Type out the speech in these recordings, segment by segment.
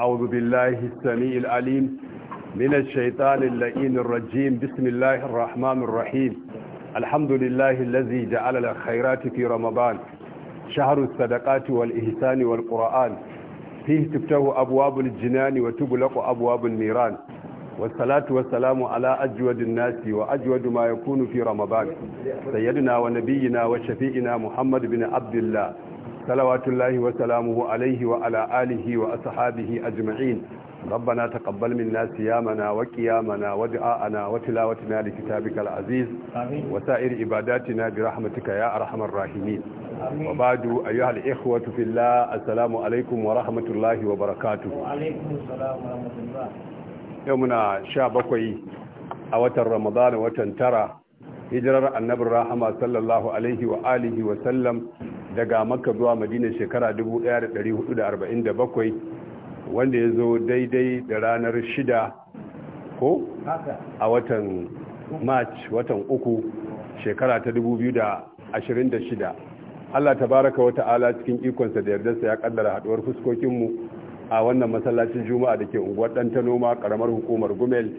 أعوذ بالله السميع العليم من الشيطان اللئين الرجيم بسم الله الرحمن الرحيم الحمد لله الذي جعل الخيرات في رمضان شهر الصدقات والإحسان والقرآن فيه تفتح أبواب الجنان وتغلق أبواب النيران والصلاة والسلام على أجود الناس وأجود ما يكون في رمضان سيدنا ونبينا وشفيئنا محمد بن عبد الله salawatullahi wa salamuhu alaihi wa ala alihi wa ashabihi ajma'in rabbana taqabbal minna siyamana wa qiyamana wa du'a'ana wa tilawatina li kitabikal aziz amin wa sa'ir ibadatina bi rahmatika ya arhamar rahimin amin wa ba'du ayyuha al ikhwatu fillah assalamu alaikum wa rahmatullahi wa barakatuh wa alaikum assalam wa a watan ramadana watan tara hijirar annabin rahama sallallahu alaihi wa alihi wa sallam daga makka zuwa madina shekara 1447 wanda ya zo daidai da ranar shida ko a watan march watan uku shekara ta 2026 allah tabaraka wa ta'ala cikin ikonsa da yardarsa ya kaddara haduwar fuskokinmu a wannan masallacin juma'a da ke unguwar ta noma karamar hukumar gumel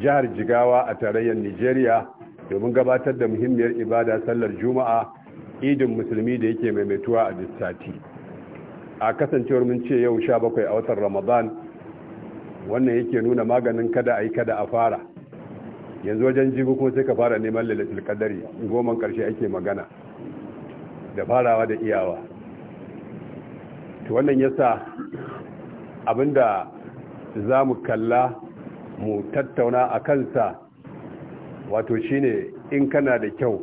jihar jigawa a tarayyar nigeria domin gabatar da muhimmiyar ibada sallar juma'a idin musulmi da yake maimaituwa a sati a kasancewar mun ce yau 17 a watan ramadan wannan yake nuna maganin kada a yi kada a fara yanzu wajen jibi kuma sai ka fara neman lalatul kadari goma karshe ake magana da farawa da iyawa to wannan yasa abinda za mu kalla mu tattauna a kansa wato shine in kana da kyau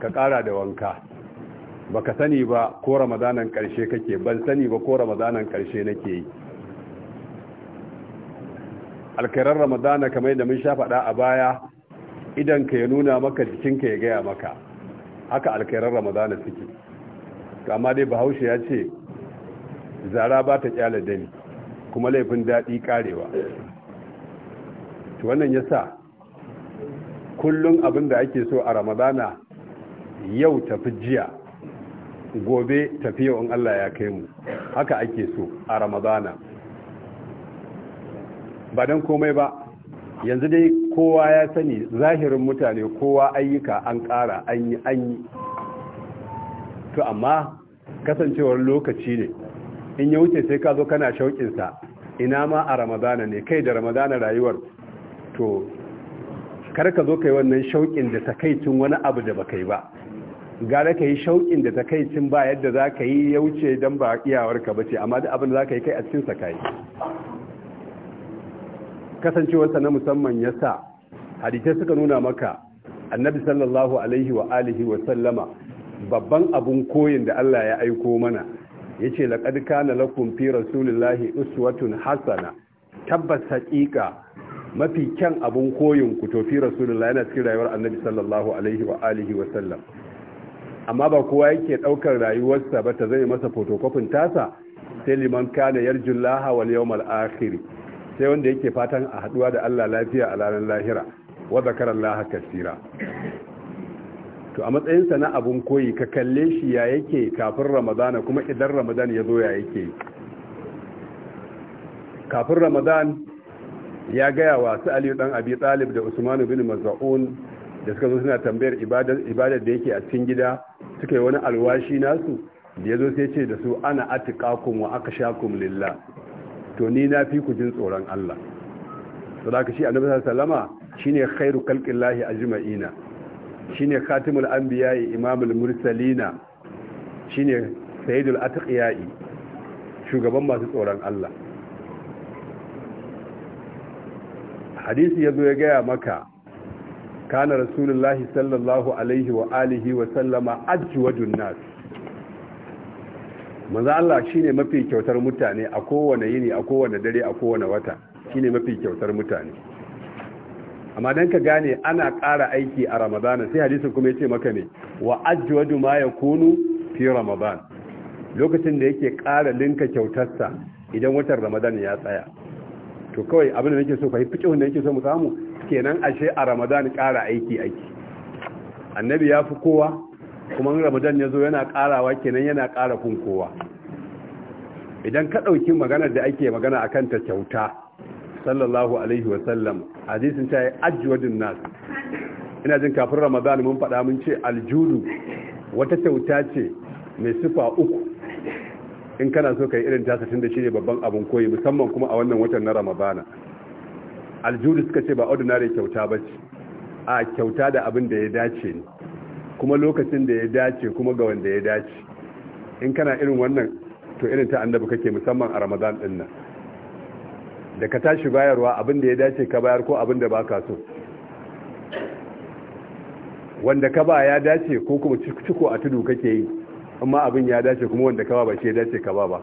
ka ƙara da wanka baka sani ba ko ramadanan karshe kake ban sani ba ko ramadanan karshe nake yi alkairar ramadana kamar yadda mun sha faɗa a baya idan ka ya nuna maka jikinka ya gaya maka haka alkairar ramadana suke amma dai bahaushe ya ce zara ba ta kyala dani kuma laifin daɗi karewa wannan ya sa kullum abin da ake so a ramadana yau tafi jiya gobe tafiya in Allah ya kai mu haka ake so a ramadana ba don komai ba yanzu dai kowa ya sani zahirin mutane kowa ayyuka an ƙara an yi an yi to amma kasancewar lokaci ne in ya wuce sai ka zo kana shauƙinsa ina ma a ramadana ne kai da ramadana rayuwar to kar ka zo kai wannan shauƙin da ta kai takaicin wani abu da ba kai ba gara ka yi shauƙin da ta kai cin ba yadda za ka yi ya wuce don ba iyawarka ba ce amma da abin da za ka yi kai a cikinsa ka yi kasancewarsa na musamman ya sa hadita suka nuna maka annabi sallallahu alaihi wa alihi wa sallama babban abun koyin da Allah ya aiko mana ya ce laƙad kana lakum fi rasulillahi uswatun hasana tabbas haƙiƙa mafi kyan abun koyin ku to fi rasulillahi yana cikin rayuwar annabi sallallahu alaihi wa alihi wa sallam amma ba kowa yake daukar rayuwarsa ba ta zai masa fotokofin tasa sai liman kana yarjullaha wal yawmal akhir sai wanda yake fatan a haduwa da Allah lafiya a ranar lahira wa zakarallaha kaseera to a matsayinsa na abun koyi ka kalle shi ya yake kafin ramadana kuma idan ramadan ya zo ya yake kafin ramadan ya gaya wa su aliyu dan abi talib da usman bin mazaun da suka zo suna tambayar ibadar da yake a cikin gida suka yi wani alwashi nasu da ya zo sai ce da su ana atika wa aka sha lillah to ni na fi ku jin tsoron Allah sadaka shi annabi sallama shine khairu khalqillahi ajma'ina shine khatimul anbiya'i imamul mursalina shine sayyidul atqiya'i shugaban masu tsoron Allah hadisi yazo ya gaya maka كان رسول sallallahu alaihi wa alihi wa sallama ajwadun nas manzo Allah shine mafi kyautar mutane a kowane yini a kowane dare a kowane wata shine mafi kyautar mutane amma dan ka gane ana ƙara aiki a ramadana sai hadisin kuma yace maka ne wa ajwadu ma yakunu fi ramadan lokacin da yake ƙara linka kyautarsa idan watan ramadan ya tsaya to kawai abin da nake so fa fiqhun da nake so mu samu kenan ashe a ramadan kara aiki aiki annabi ya fi kowa kuma ramadan ya zo yana karawa kenan yana kara kun kowa idan ka ɗauki maganar da ake magana a kanta kyauta sallallahu alaihi wasallam hadisin ta yi ajiwadin nas ina jin kafin ramadan mun faɗa mun ce aljudu wata kyauta ce mai sufa uku in kana so ka yi irin tasirin da shi ne babban abin koyi musamman kuma a wannan watan na ramadana aljuri suka ce ba ordinary kyauta ba ce a kyauta da abin da ya dace ne kuma lokacin da ya dace kuma ga wanda ya dace in kana irin wannan to irin ta annabi kake musamman a ramadan din nan da ka tashi bayarwa abin da ya dace ka bayar ko abin da baka so wanda ka ba ya dace ko kuma ciko a tudu kake yi amma abin ya dace kuma wanda ka ba ba shi ya dace ka ba ba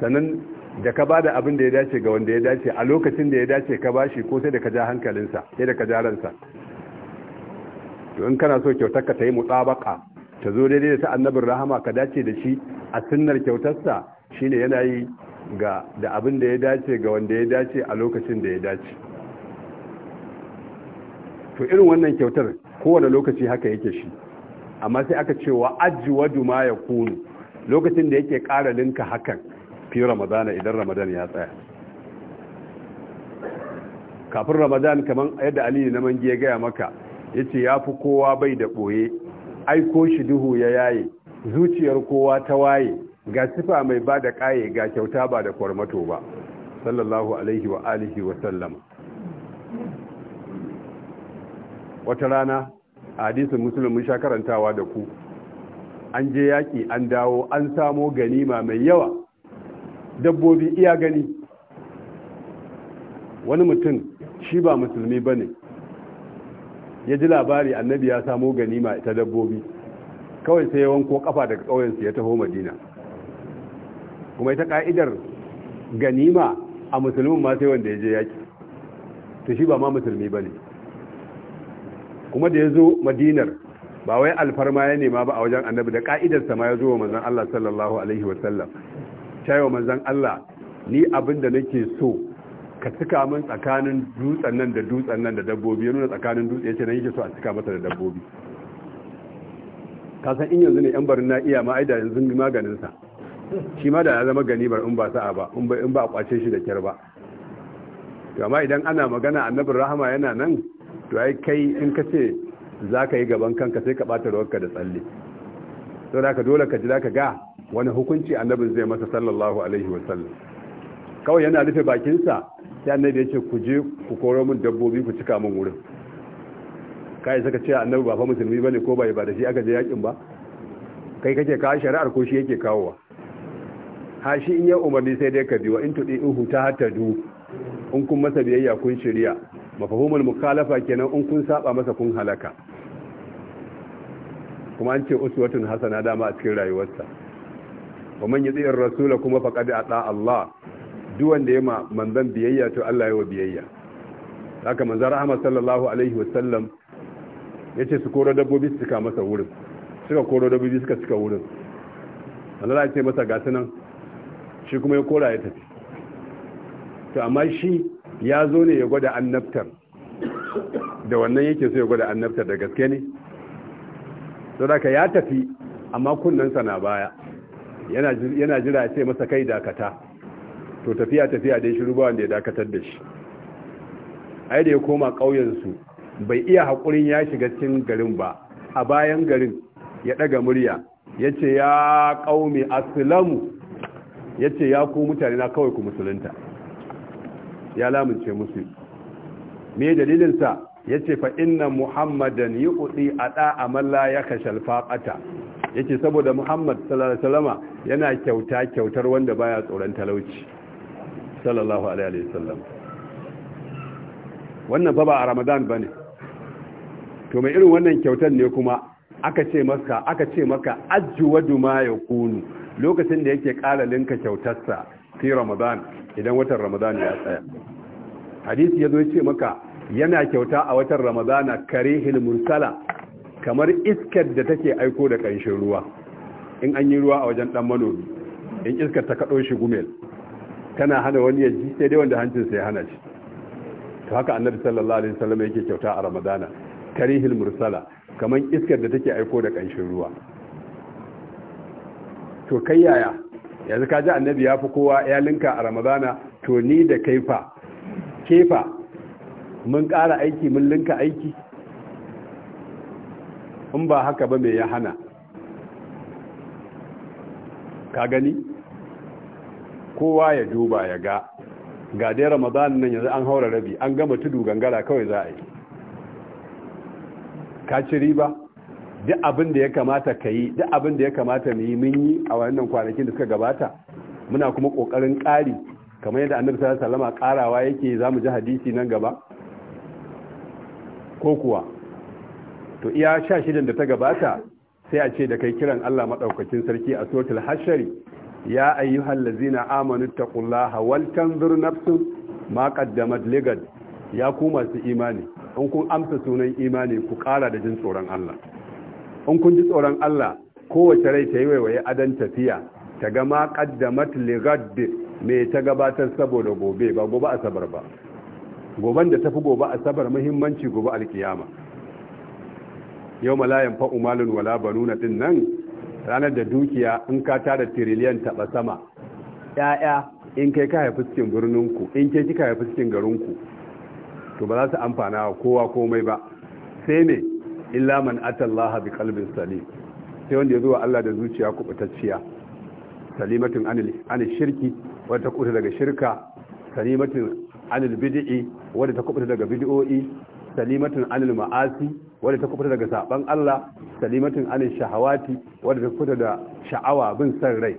sannan da ka bada abin da ya dace ga wanda ya dace a lokacin da ya dace ka bashi ko sai da ka ja hankalinsa sai da ka ja ransa to in kana so kyautar ka ta yi mutsabaka ta zo daidai da ta annabin rahama ka dace da shi a sunnar kyautarsa shine yana yi ga da abin da ya dace ga wanda ya dace a lokacin da ya dace to irin wannan kyautar kowane lokaci haka yake shi amma sai aka ce wa ajwadu ma yakunu lokacin da yake ƙara linka hakan fi ramadana idan ramadan ya tsaya kafin ramadan kamar yadda aliyu na mangi ya gaya maka ya ce ya fi kowa bai da ɓoye aiko shi duhu ya yaye zuciyar kowa ta waye ga sifa mai ba da ƙaye ga kyauta ba da kwarmato ba sallallahu alaihi wa alihi wa sallama wata rana hadisin musulmi sha karantawa da ku an je yaƙi an dawo an samo ganima mai yawa dabbobi iya gani wani mutum shi ba musulmi ba ne ya ji labari annabi ya samo ganima ita dabbobi kawai sai yawan ko kafa daga ƙauyensu ya taho madina kuma ita ka'idar ganima a musulmin ma sai wanda ya je yaki to shi ba ma musulmi ba ne kuma da ya zo madinar ba wai alfarma ya nema ba a wajen annabi da ka'idarsa ma ya zo wa manzon Allah sallallahu alaihi wasallam ta yau manzan Allah ni abin da nake so ka cika min tsakanin dutsen nan da dutsen nan da dabbobi ya nuna tsakanin dutse ya ce nan yake so a cika masa da dabbobi ka san in yanzu ne yan barin na iya ma ai da ni maganin sa shi ma da ya zama bar in ba sa'a ba in ba in ba a kwace shi da kyar ba to amma idan ana magana annabin rahama yana nan to ai kai in ka ce za ka yi gaban kanka sai ka bata rawarka da tsalle saboda ka dole ka ji ka ga wani hukunci annabin zai masa sallallahu alaihi wasallam kawai yana rufe bakinsa sai annabi ya ce ku je ku koro min dabbobi ku cika min wurin kai saka ce annabi ba fa musulmi bane ko bai ba da shi aka je yakin ba kai kake kawo shari'ar ko shi yake kawowa ha shi in ya umarni sai dai ka biwa in tudi in ta du in kun masa biyayya kun shirya mafahumul mukhalafa kenan in kun saba masa kun halaka kuma an ce uswatun hasana dama a cikin rayuwarsa wa man yati ar-rasula kuma faqad ata Allah duk wanda ya ma manzon biyayya to Allah ya wa biyayya haka manzon rahama sallallahu alaihi wasallam yace su koro dabbobi su cika masa wurin suka koro dabbobi suka cika wurin Allah ya ce masa ga nan shi kuma ya kora ya tafi to amma shi ya zo ne ya gwada annabtar da wannan yake so ya gwada annabtar da gaske ne saboda ya tafi amma kunnansa na baya yana jira ya ce masa kai dakata to tafiya tafiya dai shi ba wanda ya dakatar da shi ai da ya koma ƙauyensu bai iya haƙurin ya shiga cikin garin ba a bayan garin ya ɗaga murya ya ce ya ƙaumi asilamu ya ce ya ku mutane na kawai ku musulunta ya lamince musu me dalilinsa ya ce fa inna muhammadan yi kuɗi a ɗa'amalla ya yace saboda Muhammad sallallahu alaihi wasallama yana kyauta kyautar wanda baya tsoron talauci sallallahu alaihi wasallam wannan fa ba a Ramadan bane to mai irin wannan kyautar ne kuma aka ce maka aka ce maka ajwadu ma kunu lokacin da yake ƙara linka kyautarsa fi Ramadan idan watan Ramadan ya tsaya hadisi yazo ya ce maka yana kyauta a watan Ramadana karihil mursala kamar iskar da take aiko da ƙanshin ruwa in an yi ruwa a wajen ɗan manomi in iskar ta kaɗo shi gumel tana hana wani ya ji sai dai wanda hancinsa ya hana shi to haka annabi sallallahu alaihi wasallam yake kyauta a ramadana karihil mursala kamar iskar da take aiko da ƙanshin ruwa to kai yaya yanzu ka ji annabi ya fi kowa ya linka a ramadana to ni da kaifa kefa mun ƙara aiki mun linka aiki in ba haka ba mai ya hana ka gani kowa ya duba ya ga ga dai ramadan nan yanzu an haura rabi an gama tudu gangara kawai za a yi ka ci riba duk abin da ya kamata ka yi duk abin da ya kamata mu yi mun yi a wannan kwanakin da suka gabata muna kuma kokarin ƙari kamar yadda annabi sallallahu alaihi wasallam ƙarawa yake za mu ji hadisi nan gaba ko kuwa to iya sha shidan da ta gabata sai a ce da kai kiran Allah maɗaukacin sarki a suratul hashari ya ayyuhal ladzina amanu taqullaha wal tanzur nafsun ma qaddamat ligad ya ku masu imani in kun amsa sunan imani ku ƙara da jin tsoron Allah in kun ji tsoron Allah kowace rai ta yi waiwaye adon tafiya ta ga ma qaddamat ligad me ta gabatar saboda gobe ba gobe asabar ba goban da tafi gobe asabar muhimmanci gobe alkiyama yau malayan fa'u malin wala nuna din nan ranar da dukiya in ka tara tiriliyan taɓa sama ‘ya'ya in kai ka haifi cikin birninku in kai kika haifi cikin garinku to ba za su amfana wa kowa komai ba sai ne illa man atallaha bi kalbin salim sai wanda ya zuwa Allah da zuciya kubutacciya salimatin anil shirki wadda ta kubuta daga shirka salimatin anil bid'i wadda ta kubuta daga bid'o'i salimatin anil ma'asi wadda ta kubuta daga saban Allah salimatin anin shahawati wadda ta kubuta da sha'awa bin san rai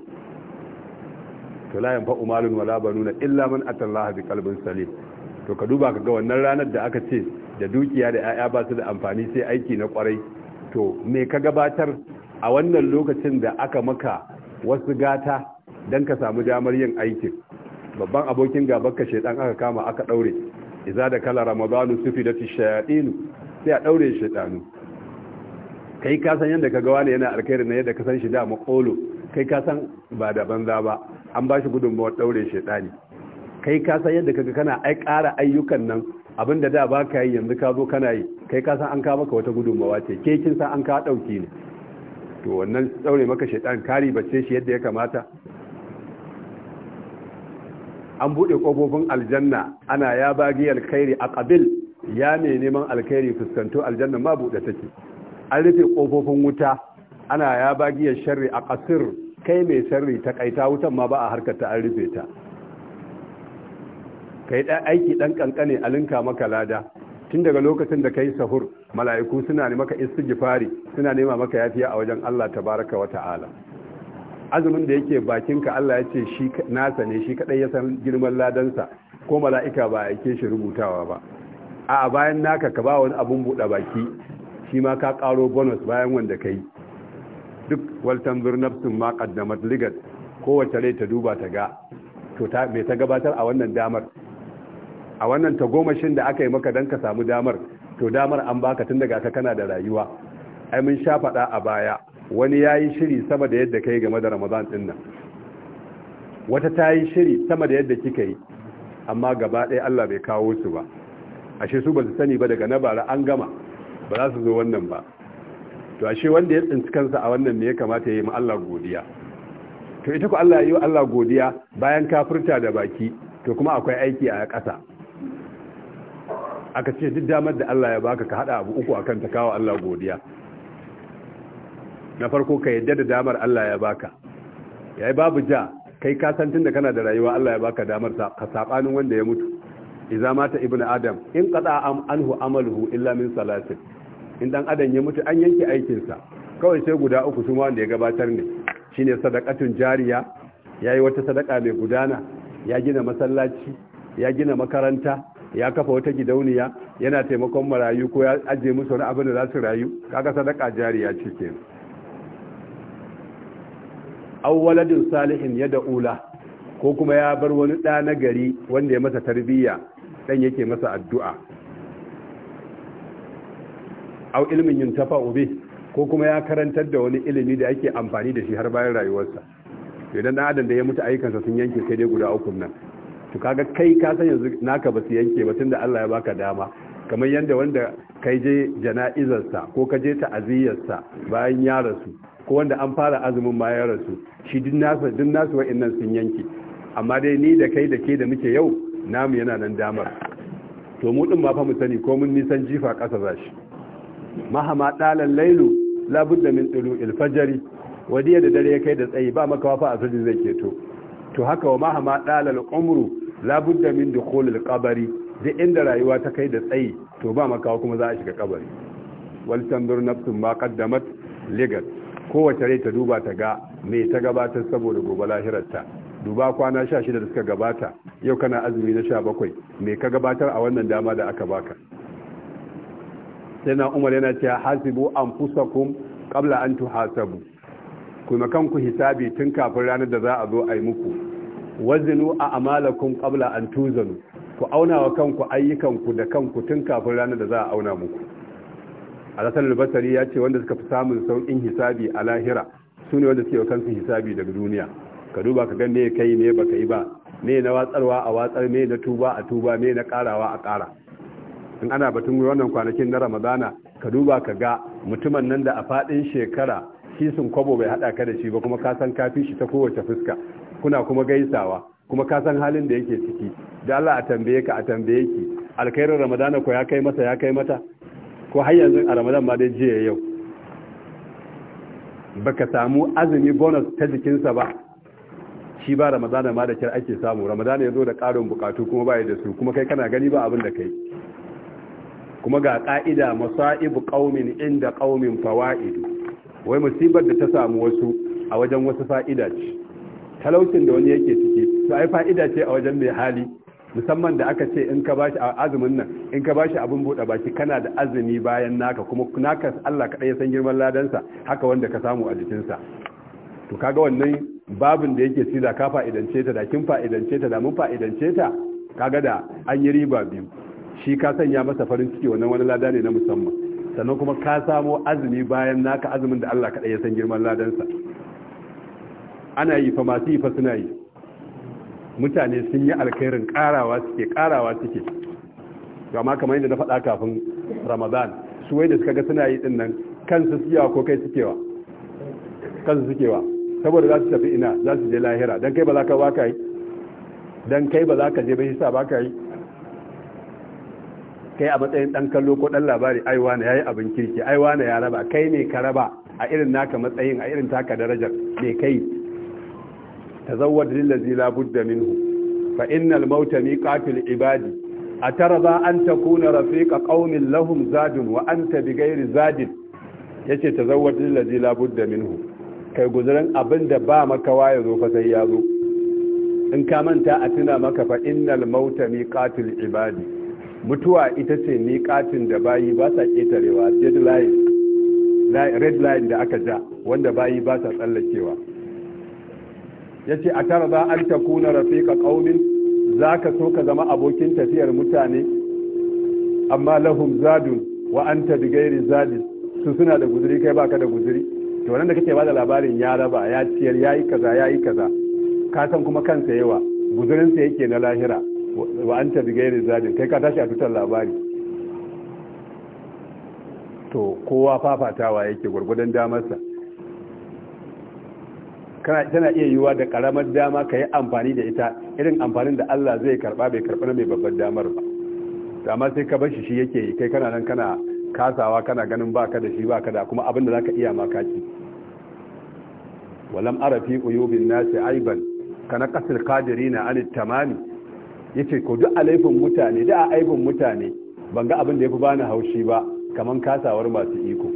to la yanfa umalun wala banuna illa man atallaha bi qalbin salim to ka duba ka ga wannan ranar da aka ce da dukiya da 'ya'ya ba su da amfani sai aiki na kwarai to me ka gabatar a wannan lokacin da aka maka wasu gata dan ka samu damar yin aikin babban abokin gabar ka shedan aka kama aka daure iza da kala ramadanu sufi da shayaɗinu sai a daure kai ka san yadda ka ga wani yana alkhairi na yadda ka san shi da makolo kai ka san ba da banza ba an ba shi gudunmawar daure shaitani kai ka san yadda kaga kana ai ƙara ayyukan nan abinda da ba ka yi yanzu ka zo kana yi kai ka san an ka maka wata gudunmawa ce ke kin san an ka ɗauki ne to wannan daure maka ɗan kari bace shi yadda ya kamata an buɗe ƙofofin aljanna ana ya bagiyar alkhairi a ƙabil ya mai neman alkhairi fuskanto aljanna ma buɗe take an rufe ƙofofin wuta ana ya bagiyar sharri a ƙasir kai mai sharri ta kaita wutan ma ba a harkata an rufe ta kai ɗan aiki ɗan ƙanƙane a linka maka lada tun daga lokacin da kai sahur mala'iku suna ne maka istighfari suna nema maka yafiya a wajen Allah tabaraka wa ta'ala azumin da yake bakinka Allah ya ce shi nasa ne shi kaɗai ya san girman ladansa ko mala'ika ba a aike shi rubutawa ba a bayan naka ka ba wani abun buɗe baki shi ma ka ƙaro bonus bayan wanda ka yi duk waltan birnafsin ma ƙaddamat ligat kowace rai ta duba ta ga to ta mai ta gabatar a wannan damar a wannan ta tagomashin da aka yi maka don ka samu damar to damar an baka tun daga ka kana da rayuwa ai mun sha faɗa a baya wani ya yi shiri sama da yadda ka yi game da ramadan ɗin nan wata ta yi shiri sama da yadda kika yi amma gaba ɗaya allah bai kawo su ba ashe su ba su sani ba daga na bara an gama ba za su zo wannan ba to ashe wanda ya tsinci kansa a wannan ne ya kamata ya yi ma Allah godiya to ita ku Allah ya yi wa Allah godiya bayan kafirta da baki to kuma akwai aiki a ƙasa aka ce duk damar da Allah ya baka ka hada abu uku akan ta kawo Allah godiya na farko ka yadda da damar Allah ya baka yayi babu ja kai ka san tunda kana da rayuwa Allah ya baka damar ka sabanin wanda ya mutu Iza mata ibn adam in qada am anhu amaluhu illa min salatin in dan adam ya mutu an yanke aikin sa kawai sai guda uku su wanda ya gabatar ne shine sadaqatun jariya yayi wata sadaka mai gudana ya gina masallaci ya gina makaranta ya kafa wata gidauniya yana taimakon marayu ko ya aje musu wani abin da za su rayu kaga sadaka jariya ce ke aw ya salihin ula ko kuma ya bar wani ɗa na gari wanda ya masa tarbiyya dan yake masa addu'a au ilmin yuntafa ube ko kuma ya karantar da wani ilimi da ake amfani da shi har bayan rayuwarsa to idan dan adam da ya mutu ayyukansa sun yanke kai dai guda uku nan to kaga kai ka san yanzu naka ba su yanke ba tunda Allah ya baka dama kamar yadda wanda kai je jana'izarsa ko ka je ta'aziyarsa bayan ya rasu ko wanda an fara azumin bayan ya rasu shi duk nasu duk nasu wa'annan sun yanke amma dai ni da kai da ke da muke yau namu yana nan damar to mu din ma fa mu sani ko mun nisan jifa kasa zashi mahama dalal lailu labudda min tulu ilfajari wadiya da dare ya kai da tsayi ba makawa fa asali zai keto to haka wa mahama dalal umru labudda min dukhulil qabri da inda rayuwa ta kai da tsayi to ba makawa kuma za a shiga kabari wal tandur nafsun ma qaddamat ligat kowace rai ta duba ta ga me ta gabatar saboda gobe lahirarta duba kwana sha shida da suka gabata yau kana azumi na sha bakwai me ka gabatar a wannan dama da aka baka sai na umar yana cewa hasibu kun kabla an hasabu kuma kanku hisabi tun kafin ranar da za a zo a yi muku wazinu a amalakun kabla an tuzanu ku auna wa kanku ayyukanku da kanku tun kafin ranar da za a auna muku alasan albasari ya ce wanda suka fi samun sauƙin hisabi a lahira su ne wanda suke wa kansu hisabi daga duniya ka duba ka ga me kai me baka yi ba me na watsarwa a watsar me na tuba a tuba me na karawa a kara in ana batun wannan kwanakin na ramadana ka duba ka ga mutumin nan da a fadin shekara shi sun kwabo bai hada ka da shi ba kuma ka san kafin shi ta kowace fuska kuna kuma gaisawa kuma ka san halin da yake ciki da Allah a tambaye ka a tambaye ki alkhairin ramadana ko ya kai masa ya kai mata ko har yanzu a ramadan ma dai jiya yau baka samu azumi bonus ta jikinsa ba shi ba ramadana ma da kyar ake samu ramadana ya zo da ƙarin bukatu kuma ba da su kuma kai kana gani ba abin da kai kuma ga ƙa'ida masa'ibu ƙaumin inda ƙaumin fawa'idu wai musibar da ta samu wasu a wajen wasu fa'ida ce talaucin da wani yake ciki su ai fa'ida ce a wajen mai hali musamman da aka ce in ka bashi a azumin nan in ka ba shi abin buɗe baki kana da azumi bayan naka kuma naka Allah kaɗai ya san girman ladansa haka wanda ka samu a jikinsa to kaga wannan babin da yake sida ka fa'idance ta da kin fa'idance ta da mun fa'idance ta kaga da an yi riba biyu shi ka sanya masa farin ciki wannan wani lada ne na musamman sannan kuma ka samo azumi bayan naka azumin da Allah kaɗai ya san girman ladansa ana yi fa masu yi fa suna yi mutane sun yi alkhairin ƙarawa suke ƙarawa suke amma kamar yadda na faɗa kafin ramadan su wai da suka ga suna yi ɗin nan kansu sukewa ko kai sukewa kansu sukewa saboda za su tafi ina za su je lahira don kai ba za ka ba ka yi don kai ba za ka je bai sa ba ka yi kai a matsayin ɗan kallo ko ɗan labari aiwa na ya yi abin kirki aiwa na ya raba kai ne ka raba a irin naka matsayin a irin taka darajar ne kai tazawwad lillazi la budda minhu fa innal mauta miqatul ibadi atarda an takuna rafiqa qaumin lahum zadun wa anta bighayri zadin yace tazawwad lillazi la budda minhu kai guzurin abin da ba makawa ya zo fa sai ya zo in ka manta a tuna maka fa innal mauta miqatul ibadi mutuwa ita ce miqatin da bayi ba sa ketarewa deadline red line da aka ja wanda bayi ba sa tsallakewa yace a tara ba an takuna rafiqa Za zaka so ka zama abokin tafiyar mutane amma lahum zadun wa anta bighairi zadi su suna da guzuri kai baka da guzuri to wannan da kake ba da labarin ya raba ya ciyar ya yi kaza ya yi kaza ka san kuma kansa yawa guzurinsa yake na lahira wa an ta bigayen zadin kai ka tashi a tutar labari to kowa fafatawa yake gwargwadon damarsa tana iya yiwuwa da karamar dama ka yi amfani da ita irin amfanin da Allah zai karba bai karba na mai babbar damar ba dama sai ka bashi shi yake kai kana nan kana kasawa kana ganin baka da shi baka da kuma abin da zaka iya kaki. walam ara fi uyubin nasi aiban kana kasir qadirina an tamami yace ko duk alaifin mutane da aibin mutane ban ga abin da yafi bani haushi ba kaman kasawar masu iko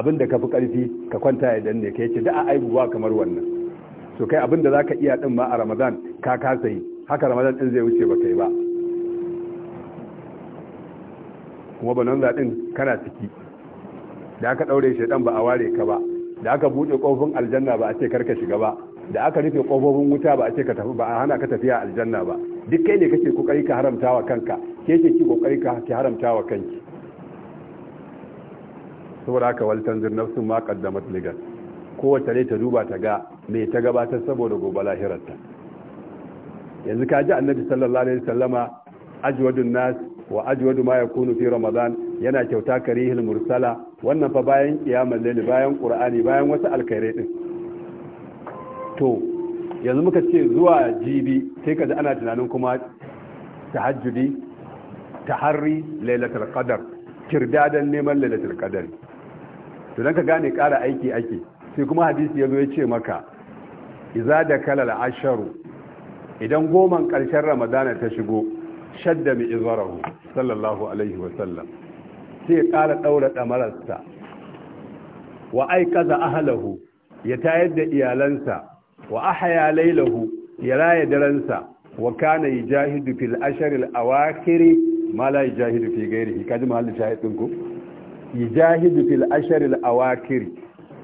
abin da kafi karfi ka kwanta ya danne ka yace da aibu ba kamar wannan so kai abin da zaka iya din ma a Ramadan ka kasa yi haka Ramadan din zai wuce ba kai ba kuma banan din kana ciki da ka ɗaure shi dan ba a ware ka ba da aka buɗe ƙofofin aljanna ba a ce karka shiga ba da aka rufe ƙofofin wuta ba a ce ka tafi ba a hana ka tafiya aljanna ba duk kai ne kake kokari ka haramta wa kanka ke ke ki kokari ka ki haramta wa kanki saboda haka wal tanzir nafsu ma qaddamat ligat kowace ne ta duba ta ga me ta gabatar saboda gobe lahirarta yanzu ka ji annabi sallallahu alaihi wasallama ajwadun nas wa ajwadu ma yakunu fi ramadan yana kyauta karihil mursala wannan fa bayan kiyamar laili bayan qur'ani bayan wasu alkhairai din to yanzu muka ce zuwa jibi sai kaji ana tunanin kuma tahajjudi taharri lailatul qadar kirdadan neman lailatul qadar to dan ka gane kara aiki ake sai kuma hadisi yazo ya ce maka iza da asharu idan goman karshen ramadana ta shigo shadda mai izarahu sallallahu alaihi wasallam sai ƙara ɗaura ɗamararsa wa aikaza ahalahu ya tayar da iyalansa wa ahaya lailahu ya raya daransa wa kana yajahidu fil asharil awakhiri ma la yajahidu fi ghairihi kaji mahalli shahidin ku yajahidu fil asharil awakhiri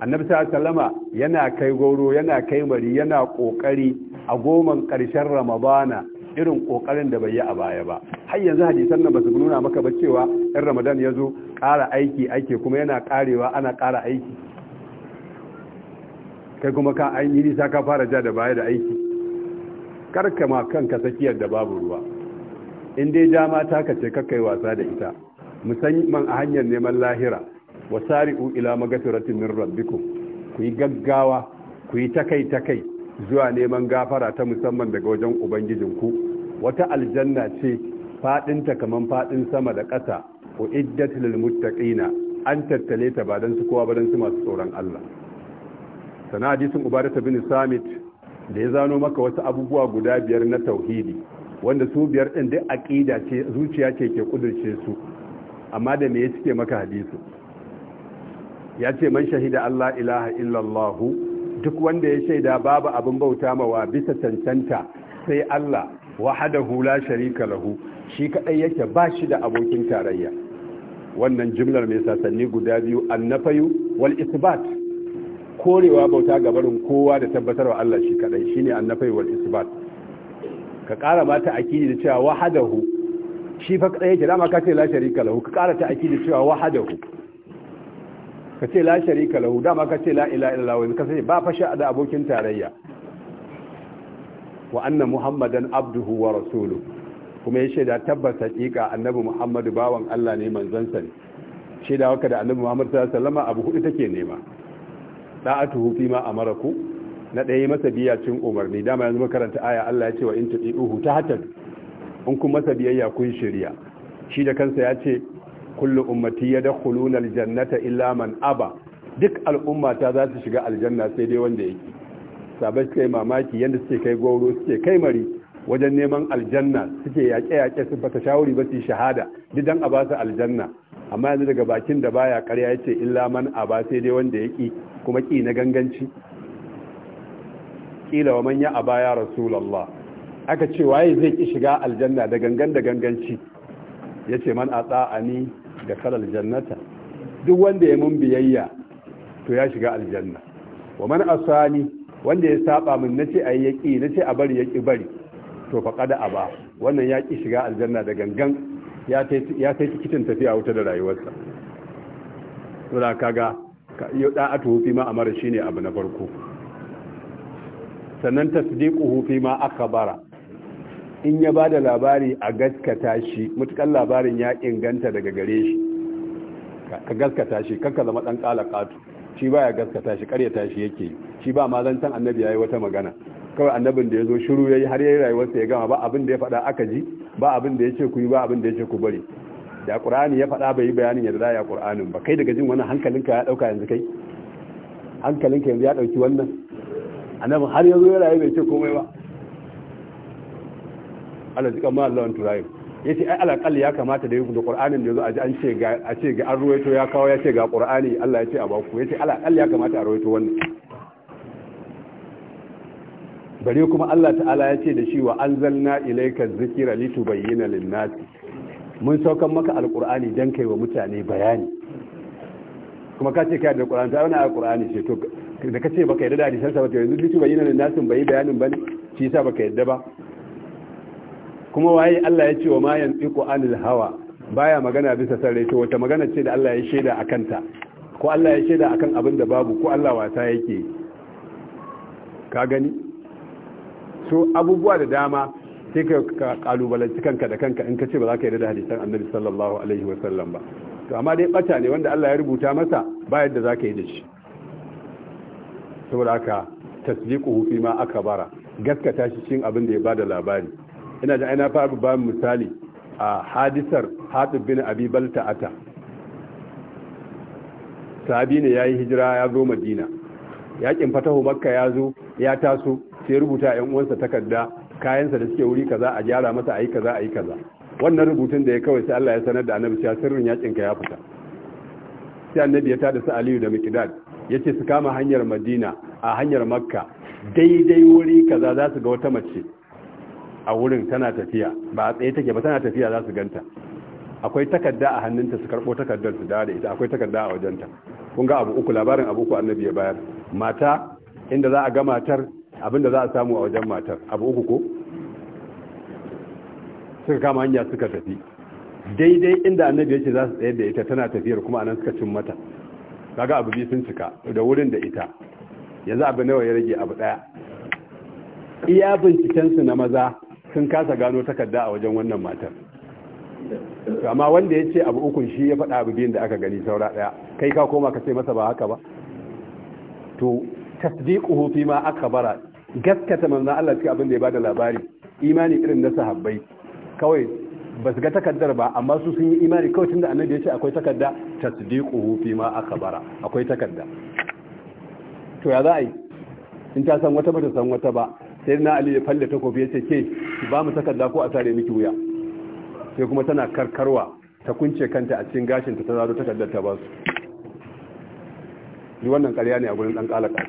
annabi sallama yana kai goro yana kai mari yana kokari a goman ƙarshen ramadana irin kokarin da bai yi a baya ba har yanzu hadisan nan ba su nuna maka ba cewa in ramadan ya zo ƙara aiki ake kuma yana karewa ana ƙara aiki kai kuma ka an yi nisa ka fara ja da baya da aiki karkama kanka tsakiyar da babu ruwa in dai dama ta ka kai wasa da ita musamman a hanyar neman lahira wasari'u ila magfiratin min rabbikum ku yi gaggawa ku yi takai takai zuwa neman gafara ta musamman daga wajen ubangijinku wata aljanna ce faɗinta kaman faɗin sama da ƙasa ko iddat muttaqina an tattale ta ba dan su kowa ba dan su masu tsoron Allah sana hadisin ta bin samit da ya zano maka wasu abubuwa guda biyar na tauhidi wanda su biyar din duk aqida ce zuciya ce ke kudurce su amma da me ya cike maka hadisi ya ce man shahida Allah ilaha illallahu duk wanda ya shaida babu abin bauta mawa bisa cancanta sai Allah wahadahu la sharika lahu shi kadai yake ba shi da abokin tarayya wannan jimlar mai sasanni guda biyu annafayu wal isbat korewa bauta ga barin kowa da tabbatarwa Allah shi kadai shine annafayu wal isbat ka kara mata akidi da cewa wahadahu shi fa kadai yake dama ka ce la sharika lahu ka kara ta akidi cewa wahadahu ka ce la sharika lahu dama ka ce la ilaha illallah wai ka ce ba fa da abokin tarayya wa anna muhammadan abduhu wa rasuluhu kuma ya shaida tabbata hakika annabi muhammadu bawan Allah ne manzon sa ne shaida waka da annabi muhammad sallallahu alaihi wasallam abu hudu take nema da'atuhu fi ma amaraku na ɗaya masa biya cin umarni dama yanzu makaranta aya Allah ya ce wa in ta hatta in kun masa biyayya kun shirya shi da kansa ya ce kullu ummati yadkhuluna aljannata illa man aba duk al'umma ta za su shiga aljanna sai dai wanda yake sabai sai mamaki yadda suke kai goro suke kai mari wajen neman aljanna suke yaƙe-yaƙe su fata shawari ba su shahada duk dan a ba aljanna amma yanzu daga bakin da baya ƙarya ya ce illa man aba sai dai wanda ya ƙi kuma ƙi na ganganci ƙila wa manya a baya rasulallah aka ce waye zai ƙi shiga aljanna da gangan da ganganci ya ce man ni da kalar jannata duk wanda ya mun biyayya to ya shiga aljanna wa man asani wanda ya saba min nace ayi yaki nace a bari yaki bari to fa kada aba wannan ya ki shiga aljanna da gangan ya ya tai tikitin tafiya wuta da rayuwarsa to da kaga yau da atu fi ma amara shine abu na farko sannan tasdiquhu fi ma akbara in ya ba da labari a gaskata shi mutukan labarin ya inganta daga gare shi ka gaskata shi kanka zama dan kalakatu shi ba ya gaskata shi karyata shi yake shi ba mazantan annabi yayi wata magana kawai annabin da ya zo shiru yayi har yayi rayuwarsa ya gama ba abin da ya faɗa aka ji ba abin da ya ce ku yi ba abin da ya ce ku bari da qur'ani ya faɗa bai yi bayanin yadda ya qur'anin ba kai daga jin wannan hankalinka ya dauka yanzu kai hankalinka yanzu ya dauki wannan annabin har yazo ya rayu bai ce komai ba Allah jika ma Allah ya ce ai alaqal ya kamata da da Qur'anin da yazo a an ce ga a ce ga an ruwaito ya kawo ya ce ga Qur'ani Allah ya ce a ya ce alaqal ya kamata a ruwaito wannan bare kuma Allah ta'ala ya ce da shi wa anzalna ilayka dhikra litubayyana lin-nas mun saukan maka alqur'ani dan kai wa mutane bayani kuma ka ce kai da Qur'ani ta wani alqur'ani ce to da kace baka yarda da hadisan sa ba to yanzu litubayyana lin-nas bai bayanin bane shi yasa baka yarda ba kuma waye Allah ya ce wa ma yantiqu anil hawa baya magana bisa sarrai to wata magana ce da Allah ya shaida akan ta ko Allah ya shaida akan abin da babu ko Allah wata yake ka gani so abubuwa da dama sai ka kalubalanci kanka da kanka in ka ce ba za ka yi da hadisan annabi sallallahu alaihi wa sallam ba to amma dai bata ne wanda Allah ya rubuta masa ba yadda za ka yi da shi saboda haka tasdiquhu fima ma akbara gaskata shi cikin abin da ya bada labari ina da aina fa ba misali a hadisar hatib bin abi balta ata sahabi ne yayi hijira ya zo madina yakin fatahu makka ya zo ya taso sai rubuta yan uwansa takarda kayansa da suke wuri kaza a gyara masa ayi kaza ayi kaza wannan rubutun da ya kawai sai Allah ya sanar da annabi cewa sirrin yakin ka ya fita sai annabi ya tada su Aliyu da Miqdad yace su kama hanyar Madina a hanyar Makka daidai wuri kaza za su ga wata mace a wurin tana tafiya ba a tsaye take ba tana tafiya za su ganta akwai takarda a hannunta su karɓo takardar su da ita akwai takarda a wajenta kun ga abu uku labarin abu uku annabi ya bayar mata inda za a ga matar abinda za a samu a wajen matar abu uku ko suka kama hanya suka tafi daidai inda annabi yake za su tsaye da ita tana tafiyar kuma anan suka cin mata kaga abu biyu sun cika da wurin da ita yanzu abu nawa ya rage abu daya iya bincikensu na maza sun kasa gano takarda a wajen wannan matar amma wanda ya ce abu ukun shi ya faɗa abu biyun da aka gani saura ɗaya kai ka koma ka ce masa ba haka ba to hu fi ma akbara gaskata manzon Allah cikin abin da ya bada labari imani irin na sahabbai kawai ba su ga takaddar ba amma su sun yi imani kawai tunda annabi ya ce akwai takadda hu fi ma akbara akwai takadda to ya za a yi in ta san wata ba ta san wata ba sai na ali ya fallata kofi ya ce ke ki ba mu takarda ko a sare miki wuya sai kuma tana karkarwa ta kunce kanta a cikin gashinta ta zaro takardar ta ba su yi wannan karya ne a gurin ɗan ƙalaka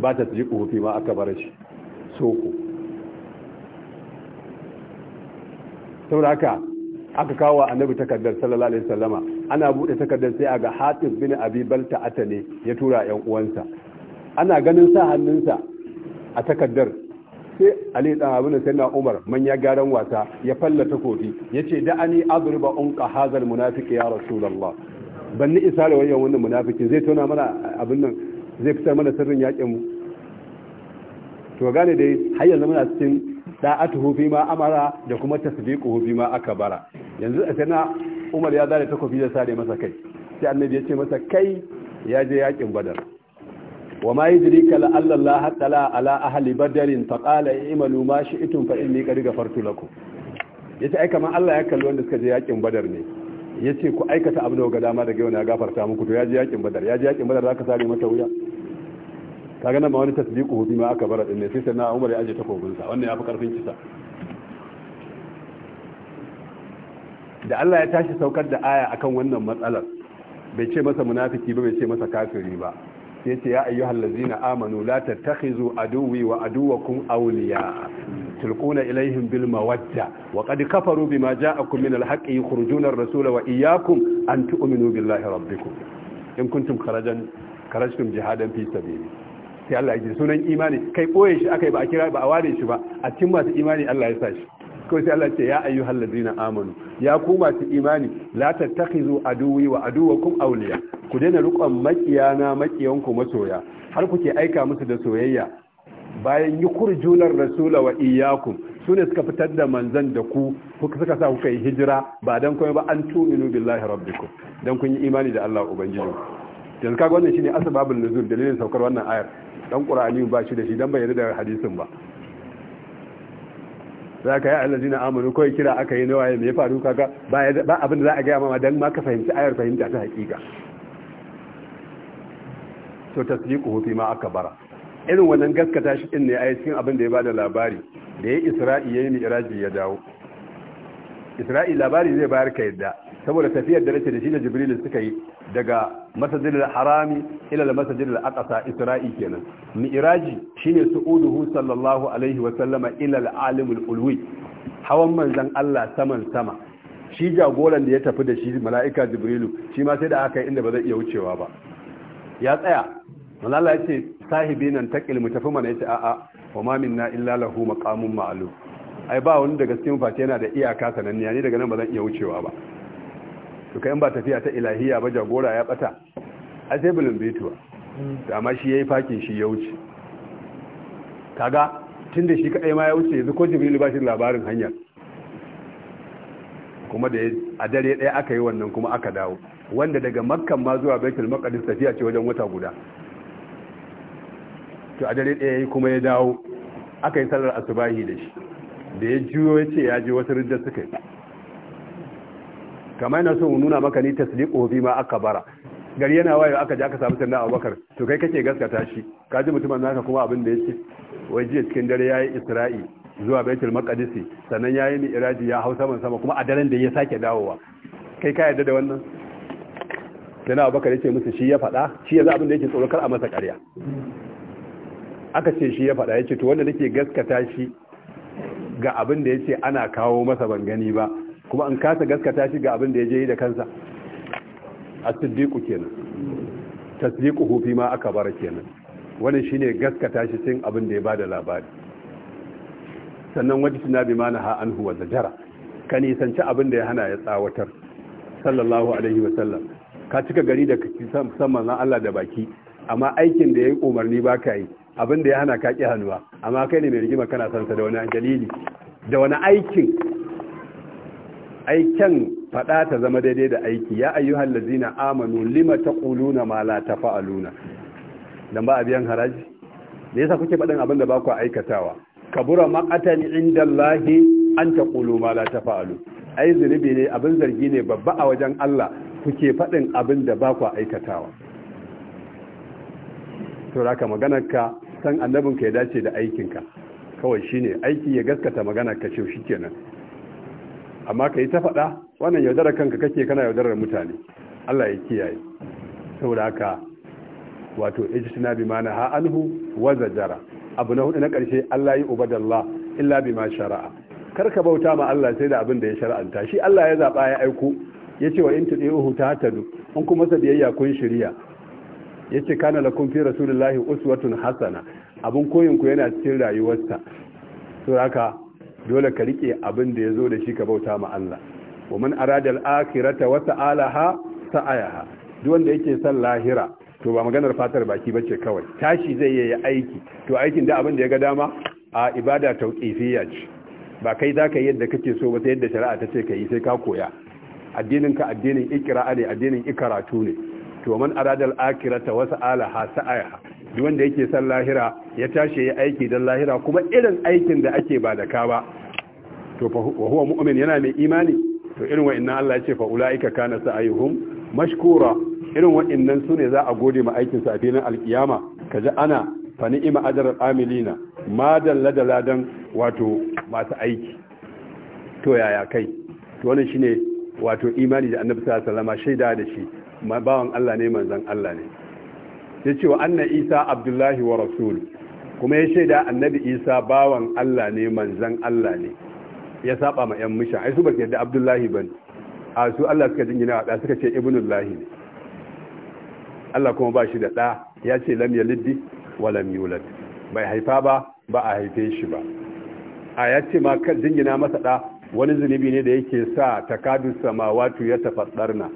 ba ta ji ƙofi ma aka bar shi soko saboda haka aka kawo annabi takardar sallallahu alaihi wasallama ana buɗe takardar sai aga hatib bin abi balta ne ya tura yan uwansa ana ganin sa hannunsa a takardar sai ali dan abin da sayyidina umar manya garan wasa ya fallata kofi yace da ani adriba unqa hazal munafiqi ya rasulullah ban ni isa da wayan wannan munafiki zai tona mana abin nan zai fitar mana sirrin yakin mu to gane dai har yanzu muna cikin da'atuhu fi ma amara da kuma tasdiquhu fi ma akbara yanzu sayyidina umar ya zare takofi da sare masa kai sai annabi ya ce masa kai ya je yakin badar wa ma yudrika la alla allah tala ala ahli badr fa qala i'malu ma shi'tum fa inni qad ghafartu lakum yace ai kaman allah ya kalli wanda suka je yakin badar ne yace ku aikata abin da ga dama daga yau na gafarta muku to ya yakin badar ya yakin badar zaka sare mata wuya kaga nan ma wani tasdiqu hu bima aka bara din ne sai sanan Umar ya aje takobin sa wannan ya fi karfin kisa da Allah ya tashi saukar da aya akan wannan matsalar bai ce masa munafiki ba bai ce masa kafiri ba sai ce ya ayyuhal ladzina amanu la tattakhizu aduwwi wa aduwwakum awliya tulquna ilaihin bil mawadda wa qad kafaru bima ja'akum min al haqqi yukhrijuna ar-rasula wa iyyakum an tu'minu billahi rabbikum in kuntum kharajan kharajtum jihadan fi sabili sai Allah ya ji sunan imani kai boye shi akai ba a kira ba a ware shi ba a cikin masu imani Allah ya sa shi kawai sai Allah ce ya ayyuhal na amanu ya ku masu imani la zo aduwi wa aduwakum awliya ku daina rukon makiyana makiyanku masoya har kuke aika musu da soyayya bayan yi kurjular rasula wa su ne suka fitar da manzan da ku suka sa kuka yi hijira ba don kuma ba an tu'minu billahi rabbikum don kun yi imani da Allah ubangiji yanzu kaga wannan shine asbabul nuzul dalilin saukar wannan ayar dan qur'ani ba shi da shi don bai yarda da hadisin ba za ka yi allazi na amanu kawai kira aka yi nawaye mai faru kaga ba abin da za a gaya mama don ma ka fahimci ayar fahimta ta hakika to tasdiqu hufi ma aka bara irin wannan gaskata shi in ne a cikin abin da ya bada labari da ya isra'i mai iraji ya dawo isra'i labari zai bayar ka yadda saboda tafiyar da nake da shi da jibril suka yi daga masajidil harami ila masajidil aqsa isra'i kenan mi'raji shine su'uduhu sallallahu alaihi wa sallama ila al-alimul ulwi hawan manzon Allah saman sama shi jagoran da ya tafi da shi mala'ika jibrilu shi ma sai da aka yi inda ba zai iya wucewa ba ya tsaya malala ya ce sahibi nan ta mana yace a'a wa ma minna illa lahu maqamun ma'lum ai ba wani daga cikin face yana da iyaka sananniya ne daga nan ba zan iya wucewa ba to kai in ba tafiya ta ilahiya ba jagora ya bata a tebulin bulin bituwa amma shi yayi fakin shi ya wuce kaga tunda shi kadai ma ya wuce yanzu ko jibril ba shi labarin hanyar kuma da a dare ɗaya aka yi wannan kuma aka dawo wanda daga makkan ma zuwa baitul maqdis tafiya ce wajen wata guda to a dare ɗaya kuma ya dawo aka yi sallar asubahi da shi da ya juyo ya ce ya je wasu rijjar suka yi kamar yana son nuna maka ni tasdiqo bi ma akbara gari yana wayo aka ji aka samu sanna Abubakar to kai kake gaskata shi ka ji mutumin naka kuma abin da yake wai jiya cikin dare yayi Isra'i zuwa Baitul Maqdis sannan yayi Mi'raji ya hau saman sama kuma a daren da ya sake dawowa kai ka yarda da wannan sannan Abubakar yake musu shi ya faɗa shi yanzu abin da yake tsoro kar a masa ƙarya aka ce shi ya faɗa yace to wanda nake gaskata shi ga abin da yake ana kawo masa ban gani ba kuma an kasa gaskata shi ga abin da ya je yi da kansa a siddiƙu kenan tasdiƙu hufi ma aka bar kenan wani shine gaskata shi cin abin da ya bada labari sannan wani suna bi mana ha an huwa zajara ka nisanci abin da ya hana ya tsawatar sallallahu alaihi wasallam ka cika gari da san manzan Allah da baki amma aikin da ya yi umarni ba ka yi abin da ya hana ka ƙi hannuwa amma kai ne mai rigima kana sansa da wani dalili da wani aikin aiken faɗa ta zama daidai da aiki ya ayyuhal ladzina amanu lima taquluna ma la tafa'aluna dan ba a biyan haraji me yasa kuke faɗin abin da ba ku aikatawa kabura maqatan lahi an taqulu ma la tafa'alu ai zunubi ne abin zargi ne babba a wajen Allah kuke faɗin abin da ba ku aikatawa to raka maganarka san annabinka ya dace da aikinka kawai shine aiki ya gaskata maganarka ce shikenan amma ka yi ta faɗa wannan yaudarar kanka kake kana yaudarar mutane Allah ya kiyaye saboda haka wato ijtina bi mana ha anhu wa zajara abu na hudu na karshe Allah ya ubadallah illa bi ma shara'a ka bauta ma Allah sai da abin da ya shara'anta shi Allah ya zaba ya aiko ce wa in tudihu tadu in kuma sa biyayya kun shirya ya yace kana kun fi rasulullahi uswatun hasana abun koyin ku yana cikin rayuwarsa saboda haka dole ka rike abin da ya zo da shi ka bauta ma Allah wa man arada al-akhirata wa ta'alaha sa'ayaha duk wanda yake son lahira to ba maganar fatar baki bace kawai tashi zai yi aiki to aikin da abin da ya ga dama a ibada tauqifiyya ce ba kai za ka yi yadda kake so ba sai yadda shari'a ta ce ka yi sai ka koya addinin ka addinin ikra'a ne addinin ikaratu ne to man arada al-akhirata wa sa'alaha sa'ayaha duk wanda yake san lahira ya tashi ya aiki don lahira kuma irin aikin da ake ba da ka ba to fa huwa mu'min yana mai imani to irin wa'annan Allah ya ce fa ulaika kana sa'ayuhum mashkura irin wa'annan sune za a gode ma aikin sa a filin alkiyama kaji ana fa ni'ima ajrul amilina ma dalla da wato masu aiki to yaya kai to wannan shine wato imani da annabi sallallahu alaihi wasallam shaida da shi bawan Allah ne manzon Allah ne ya ce wa anna isa abdullahi wa rasul kuma ya shaida annabi isa bawan allah ne manzan allah ne ya saba ma yan mishan ai su ba yadda abdullahi ba a su allah suka jingina wa suka ce ibnullahi ne allah kuma ba shi da ɗa ya ce lam yaliddi wa lam yulad bai haifa ba ba a haife shi ba a ya ce ma kan jingina masa ɗa wani zunubi ne da yake sa takadus samawatu ya tafaɗarna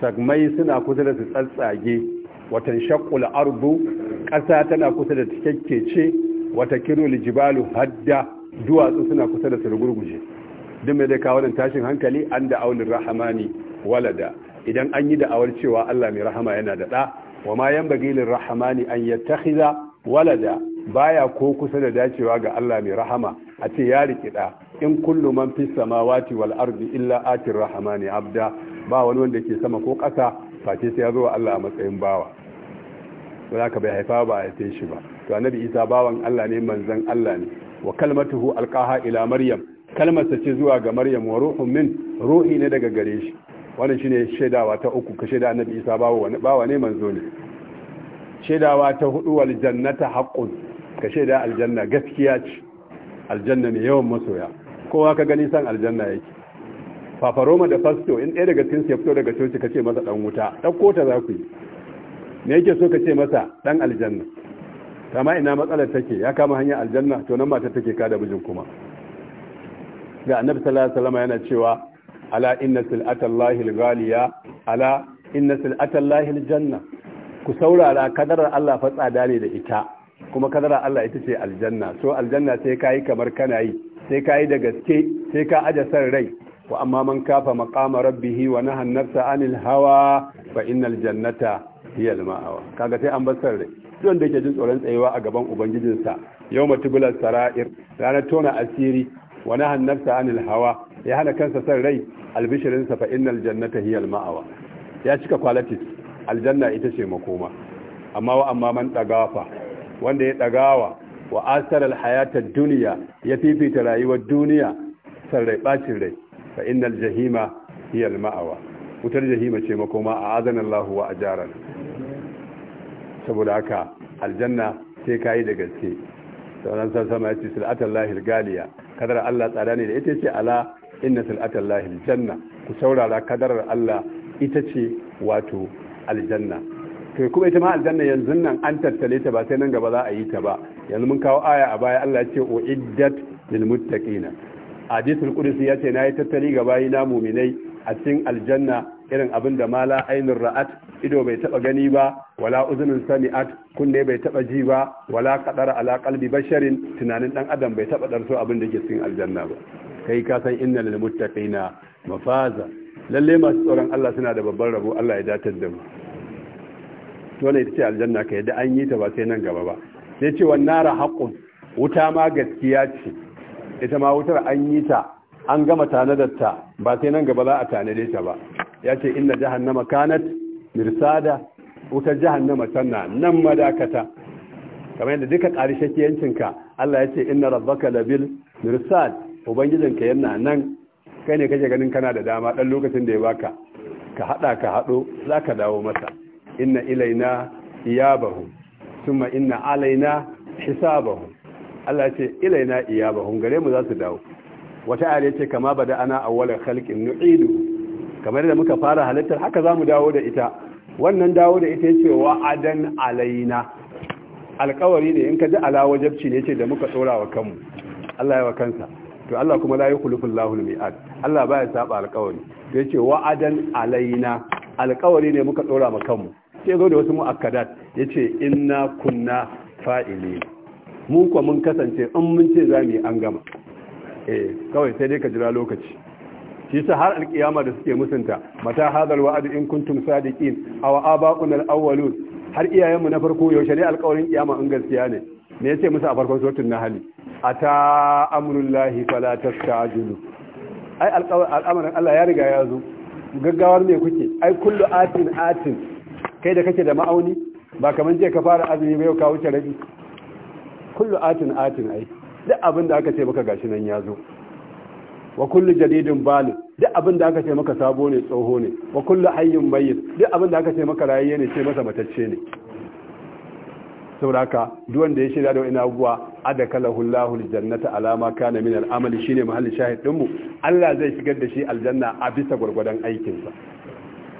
sagmai suna kusa da su tsatsage watan shakul ardu ƙasa tana kusa da ce wata kirul jibalu hadda duwatsu suna kusa da surgurguje duk mai dai kawo tashin hankali an da aulin rahamani walada idan an yi da'awar cewa Allah mai rahama yana da ɗa wa ma yan bagilin rahamani an yattakhiza walada baya ko kusa da dacewa ga Allah mai rahama a ce ya riki ɗa in kullu man fis samawati wal ardi illa atir rahamani abda ba wani wanda ke sama ko ƙasa face sai ya zo wa Allah a matsayin bawa za ka bai haifa ba a haife shi ba to annabi isa bawan Allah ne manzan Allah ne wa kalmatuhu alqaha ila maryam kalmarsa ce zuwa ga maryam wa ruhun min ruhi ne daga gare shi wannan shine shaidawa ta uku ka shaida annabi isa bawo wani bawa ne manzo ne shaidawa ta hudu wal jannata haqqun ka shaida aljanna gaskiya ce aljanna ne yawan masoya kowa ka gani san aljanna yake fafaroma da fasto in ɗaya daga cikin ya fito daga coci kace masa dan wuta ɗauko ta za ku yi me yake so ka ce masa dan aljanna kama ina matsalar take ya kama hanyar aljanna to nan mata take kada bijin kuma ga annabi sallallahu alaihi wasallam yana cewa ala inna silatallahi ghaliya ala inna silatallahi aljanna ku saurara kadarar Allah fa tsada ne da ita kuma kadarar Allah ita ce aljanna so aljanna sai kai kamar kana yi sai kai da gaske sai ka aja san rai wa amma man kafa maqama rabbihi wa nahana nafsa anil hawa fa innal jannata hiyal ma'awa kaga sai an basar rai don da yake jin tsoron tsayewa a gaban ubangijinsa yau matubular sara'ir ranar tona asiri wani nafsa anil hawa ya hana kansa san rai albishirinsa fa innal jannata hiyal ma'awa ya cika kwalatis aljanna ita ce makoma amma wa amma man dagawa wanda ya dagawa wa asar hayata duniya ya fifita rayuwar duniya san rai bacin rai fa innal jahima hiyal ma'awa wutar jahima ce makoma a azanallahu wa jarar saboda haka aljanna sai ka yi da gaske sauran san sama ce sil'atul lahil galiya kadar Allah tsada ne da ita ce ala inna sil'atul lahil janna ku saurara kadarar Allah ita ce wato aljanna to kuma ita ma aljanna yanzu nan an tattale ta ba sai nan gaba za a yi ta ba yanzu mun kawo aya a baya Allah ya ce iddat lil muttaqina hadithul qudsi ya ce nayi tattali ga bayi na mu'minai a cikin aljanna irin abin da mala ainur ra'at ido bai taba gani ba wala uzunin sami'at kunne bai taba ji ba wala kadara ala qalbi basharin tunanin dan adam bai taba darso abin da ke cikin aljanna ba kai ka san innal muttaqina mafaza lalle masu tsoron Allah suna da babban rabo Allah ya datar da mu to ne ita aljanna kai da an yi ta ba sai nan gaba ba sai ce wannan ra haqqun wuta ma gaskiya ce ita ma wutar an yi ta an gama tanadar ta. ba sai nan gaba za a tanade ta ba ya ce inna jahannama kanat mirsada wutar jahannama tana nan madakata kamar yadda duka ƙarshe yancinka Allah ya ce inna rabbaka labil mirsad ubangijinka yana nan kai ne kake ganin kana da dama dan lokacin da ya baka ka hada ka hado zaka dawo masa inna ilaina iyabahum thumma inna alaina bahu. Allah ya ce ilaina bahu, gare mu za su dawo wata ayar ce kama bada ana awwala khalqin nu'idu kamar da muka fara halittar haka zamu dawo da ita wannan dawo da ita ce wa'adan alaina alkawari ne in ka ji ala wajabci ne ce da muka tsora wa kanmu Allah ya wa kansa to Allah kuma la yukhliful al mi'ad Allah baya saba alkawari to yace wa'adan alaina alkawari ne muka tsora wa kanmu sai zo da wasu muakkadat yace inna kunna fa'ilin mun kuma mun kasance in mun ce zamu yi an gama eh kawai sai dai ka jira lokaci shi sa har alkiyama da suke musunta mata hadal wa'ad in kuntum sadiqin aw abaquna al-awwalun har iyayenmu na farko yaushe ne alƙawarin kiyama in gaskiya ne me yace musu a farkon suratul nahl ata amrulllahi fala tastajilu ai al'amarin Allah ya riga ya zo gaggawar me kuke ai kullu atin atin kai da kake da ma'auni ba kaman je ka fara azumi ba yau ka wuce rabi kullu atin atin ai duk abin da aka ce baka gashi nan ya zo wa kullu jadidin bali duk abin da aka ce maka sabo ne tsoho ne wa kullu hayyin bayyin duk abin da aka ce maka rayayye ne ce masa matacce ne sauraka duk wanda ya shirya da wani abuwa adakalahu Allahu aljannata alama kana min shi shine mahallin shahid dinmu Allah zai shigar da shi aljanna a bisa gurgurdan aikin sa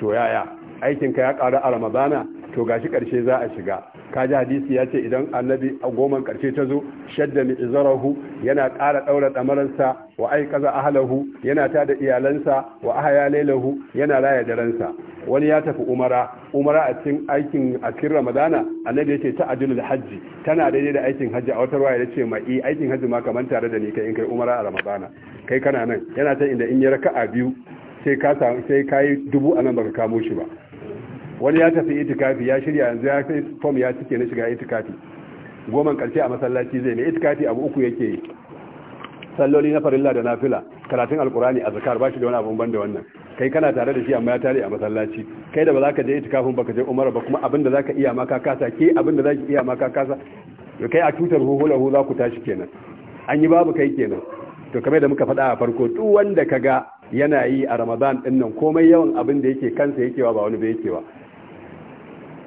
to yaya aikin ka ya karu a ramadana to gashi karshe za a shiga ka ji hadisi ya ce idan annabi a goman karshe ta zo shadda mi izarahu yana ƙara ɗaura ɗamararsa wa aikaza ahlahu yana tada iyalansa wa ahaya lailahu yana raya daransa wani ya tafi umara umara a cikin aikin a cikin ramadana annabi ce ta da hajji tana daidai da aikin hajji a wata ruwaya yace ma aikin hajji ma kamar tare da ni kai in kai umara a ramadana kai kana nan yana ta inda in yi raka'a biyu sai ka dubu a nan baka kamo shi ba wani ya tafi itikafi ya shirya yanzu ya fi fom ya cike na shiga itikafi goman karshe a masallaci zai mai itikafi abu uku yake yi salloli na farilla da nafila karatun alkurani a zakar bashi da wani abun ban da wannan kai kana tare da shi amma ya tare a masallaci kai da ba za ka je itikafin ba ka je umara ba kuma abin da za ka iya maka kasa ke abin da za ki iya maka kasa kai a cutar hu za ku tashi kenan an yi babu kai kenan to kamar da muka faɗa a farko duk wanda ka ga yana yi a ramadan ɗin nan komai yawan abin da yake kansa yake wa ba wani ba yake wa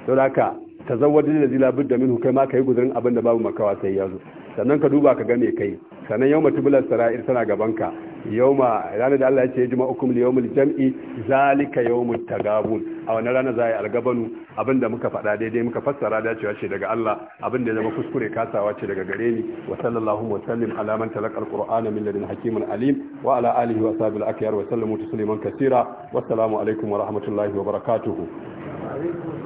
to ta tazawwajin da zila da minhu kai ma kai guzurin abin da babu makawa sai ya zo sannan ka duba ka ga kai sannan yawma tubla sara'ir tana gaban ka yawma ranar da Allah ya ce juma'ukum li yawmil jam'i zalika yawmut tagabun a wannan ranar za a yi algabanu abinda muka faɗa daidai muka fassara dacewa ce daga Allah abinda ya zama kuskure kasawa ce daga gare ni wa sallallahu wa sallim ala man talaqa alqur'ana min ladin hakimin alim wa ala alihi wa sahbihi al wa sallamu tasliman kaseera wassalamu alaikum wa rahmatullahi wa